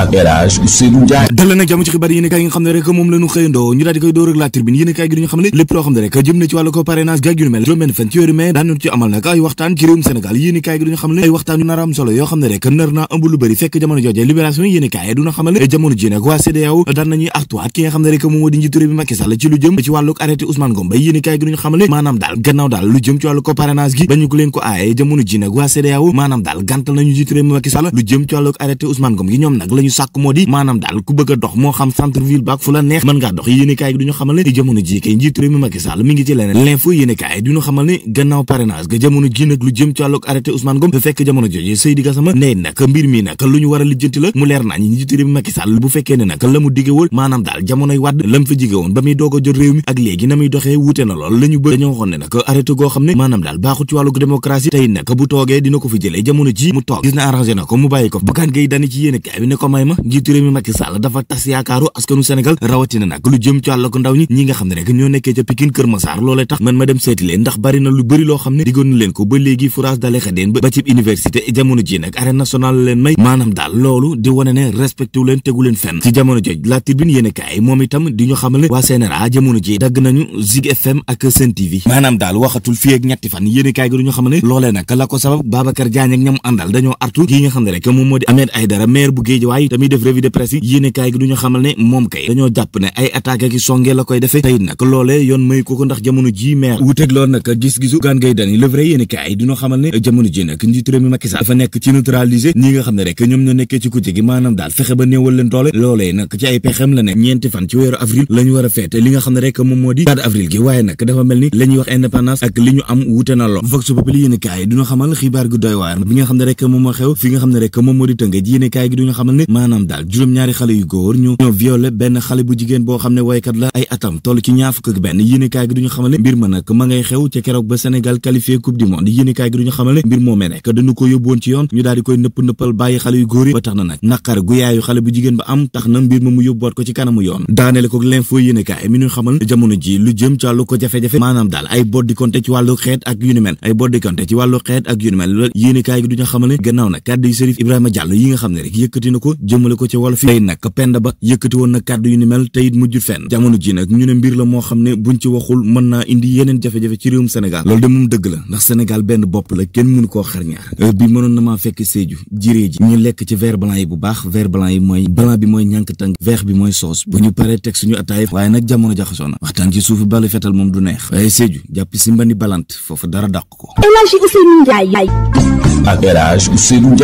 ak El Hadj Ousseynou Ndiaye dala nag jàmm ci xibaar yéen i kaay yi nga xam ne rek moom la ñu xëyandoo ñu daal di koy door ak la tribune yéen i kaay gi duñu xam ne lépp loo xam ne rek jëm na ci wàllu ko parrainage gag yu mel juróom-benn fan ci weeru mai daan ci amal nag ay waxtaan ci réewum Sénégal yéen i kaay gi duñu xam ne ay waxtaan yu nar am solo yoo xam ne rek nar naa ëmb lu bëri fekk jamono jooje libération yéen i kaay yi duñu xamal jamono ji nag waa CEDEAO daan nañuy artuwaat ki nga xam ne rek moom moo di njiitu réew bi Macky Sall ci lu jëm ci wàllu arrêté Ousmane Gomba yéen i kaay gi duñu xamale maanaam daal gannaaw daal lu jëm ci wàllu ko parrainage gi bañu ko leen ko aaye jamono ji nag waa CEDEAO maanaam daal gàntal nañu njiitu réew bi Macky Sall lu jëm ci wàllu arrêté Ousmane Gomba gi ñoom nag lañu ñuy sàkk moo di maanaam daal ku bëgg a dox moo xam centre ville baak fu la neex mën ngaa dox yéene kaay xamal ne jamono ji kay njiitu mi Macky Sall mi ngi ci leneen l'info yéene kaay du xamal ne gannaaw parrainage ga jamono ji nag lu jëm ci wàllug arrêté Ousmane Ngom bu fekk jamono jooju Seydi ne nag mbir mi nag lu ñu war lijjanti la mu leer nañ njiitu mi Macky Sall bu fekkee ne nag la mu digge maanaam daal jamonoy wàdd lam fa jige woon ba may ma njiitu réew mi Macky Sall dafa tas yaakaaru askanu Sénégal rawatina nag lu jëm ci ndaw ñi nga xam ne rek ñoo nekkee ca Pikine Kër Massar loolee tax man ma dem seeti leen ndax bari lu bëri loo xam ne diggoon leen ko ba léegi forage dalee xadeen ba ci université jamono ji nag arène nationale leen may maanaam daal loolu di wane ne respecté leen tegu leen fenn ci jamono joj la tribune yéen moom itam di ñu xamal waa CNRA jamono ji yi tamit def revue de presse kaay gi du xamal ne moom kay dañoo jàpp ne ay attaque ak songe la koy defee tey nag loolee yoon may ko ko ndax jamono ji maire wuteeg loolu nag gis-gisu gaan ngay daal fexe ba néewal leen doole loolee nag ci ay pexem la ne ñeenti fan ci weeru avril la war a feete li nga xam ne rek moom moo di 4 avril gi waaye nag dafa mel ni la wax indépendance ak li ñu am wute na lool vox populi yéene kaay du kaay du ñu xamal maanaam daal juróom-ñaari xale yu góor ñu ñoo violé benn xale bu jigéen boo xam ne woykat la ay atam toll ci ñaar fukk benn yéenekaay gi duñu xamale mbir ma nag ma ngay xew ca keroog ba Sénégal qualifié coupe du monde yéenekaay gi duñu xamale mbir moomee nekk dañu ko ci yoon ñu daal di koy nëpp nëppal bàyyi xale yu na nag naqar gu yaayu xale bu jigéen ba am tax na mbir ma mu yóbbuwaat ko ci kanamu yoon daanele ko l'info yéenekaay mi ñu xamal jamono ji lu jëm ci wàllu ko jafe-jafe maanaam ay boddi konte ci wàllu xeet ak yu ni ay boddi konte ci wàllu xeet ak yu ni mel loolu xamale gannaaw nag kàddu yi Serif Ibrahima Diallo yi nga xam ne rek yëkkati na ko jëmale ko ci Walf yi nag Penda Ba yëkkati woon na kàddu yu ni mel te it mujjul fenn jamono ji nag ñu ne mbir la moo xam ne buñ ci waxul mën naa indi yeneen jafe-jafe ci réewum Sénégal loolu de moom dëgg la ndax Sénégal benn bopp la kenn mënu koo xar ñaar bi mënoon na maa fekk Sédhiou jiree ji ñu lekk ci verre blanc yi bu baax verre blanc yi mooy blanc bi mooy ñànk tàng vert bi mooy soos bu ñu paree teg suñu ataay waaye nag jamono jaxasoo na waxtaan ci suufu bali fetal moom du neex waaye Sédhiou jàpp si mbani balant foofu dara dàq ko El Hadji Ousseynou Ndiaye ak El Hadji Ousseynou